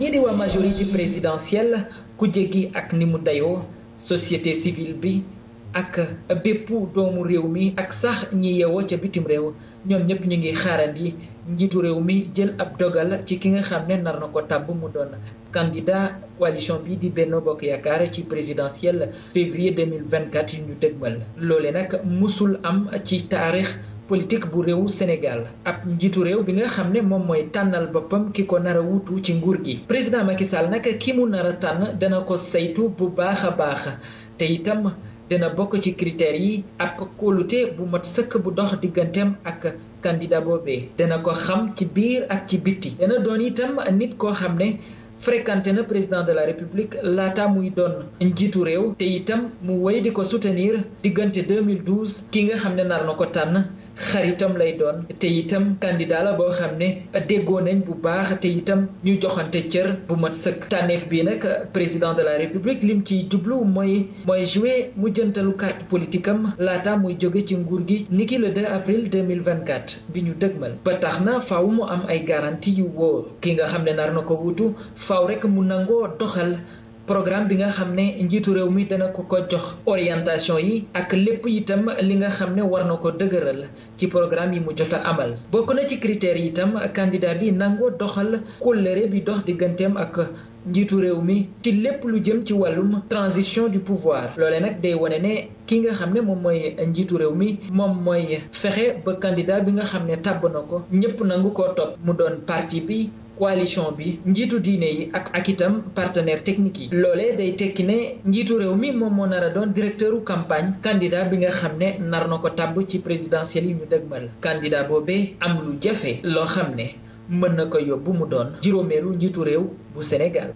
ñii di waa majorité présidentielle kuje gi ak ni mu dayoo société civile bi ak bépp doomu réew mi ak sax ñi yeewoo ca bitim réew ñoom ñëpp ñu ngi xaaral xaarandi njiitu réew mi jël ab dogal ci ki nga xam ne nar na ko tàbb mu doon candidat coalition bi di benn Bokk Yaakaar ci présidentielle février 2024 yu ñu dëgmal loole nag mosul am ci taarix politique bu réewu Sénégal ab njiitu réew bi nga xam ne moom mooy tànnal boppam ki ko nar a wutu ci nguur gi président Macky Sall nag ki mu nar a tànn dana ko saytu bu baax a baax te itam dina bokk ci critères yi ab kóolute bu mat sëkk bu dox digganteem ak candidat boobee dana ko xam ci biir ak ci biti dana doon itam nit koo xam ne fréquenté na président de la république laata muy doon njiitu réew te itam mu wéy di ko soutenir diggante 2012 ki nga xam ne nar na ko tànn xaritam lay doon te itam candidat la boo xam ne déggoon nañ bu baax te itam ñu joxante cër bu mat sëkk tànneef bi nag président de la république lim ciy jublu mooy mooy jouer mu jëntalu carte politique am laata muy jóge ci nguur gi niki le 2 avril 2024 bi ñu dëgmal ba tax na faw mu am ay garantie yu wóor ki nga xam ne nar na ko wutu faw rek mu nangoo doxal programme bi nga xam ne njiitu réew mi dana ko ko jox orientation yi ak lépp itam li nga xam ne war na ko dëgëral ci programme yi mu jot a amal bokk na ci critères yitam itam candidat bi nangoo doxal kóllëre bi dox digganteem ak njiitu réew mi ci lépp lu jëm ci wàllum transition du pouvoir loole nag day wane ne ki nga xam ne moom mooy njiitu réew mi moom mooy fexe ba candidat bi nga xam ne tàbb na ko ñëpp nangu ko topp mu doon parti bi coalition bi njiitu diine yi ak ak itam partenaire technique yi loole day tekki ne njiitu réew mi moom moo nar a doon directeur u campagne candidat bi nga xam ne nar na ko tàbb ci présidentielle yi ñu dëgmal candidat boobee am lu jafe loo xam ne mën na ko yóbbu mu doon juróomeelu njiitu réew bu Sénégal.